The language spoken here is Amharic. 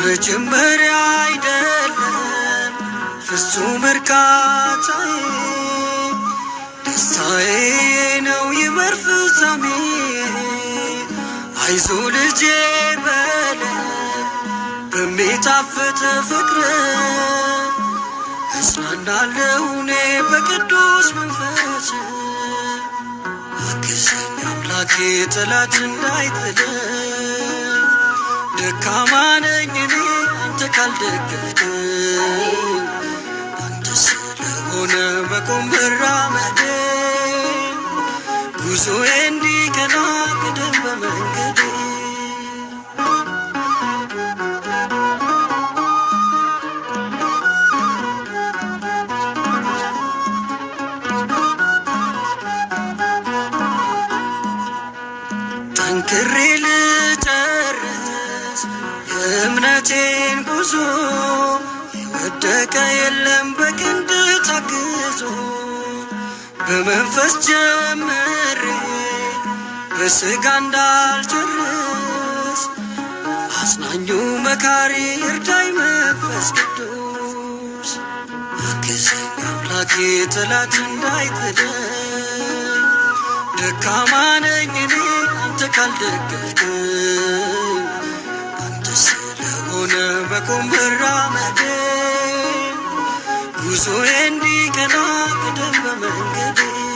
መጀመሪያ አይደለም ፍጹም እርካታዬ ደስታዬ ነው ይመር ፍጻሜ አይዞ ልጄ በለ በሚጣፍጥ ፍቅር እጽናናለሁ እኔ በቅዱስ መንፈስ አግዘኝ አምላኬ ጠላት እንዳይጥለኝ ደካማ ነኝ ካልደገፍከኝ አንተ ስለሆነ መቆም መራመድ ጉዞዬ እንዲቀና ቅደም በመንገድ ጠንክሬ ልጨርስ እምነቴን ጉዞ የወደቀ የለም በክንድ ታግዞ በመንፈስ ጀምሬ በስጋ እንዳልጨርስ አጽናኙ መካሪ እርዳይ መንፈስ ቅዱስ አግዘኝ አምላኬ ጠላት እንዳይጥለኝ ደካማ ነኝ እኔ አንተ ካልደገፍክ ቁም ብራመድ ጉዞዬ እንዲቀና ቅደም በመንገድ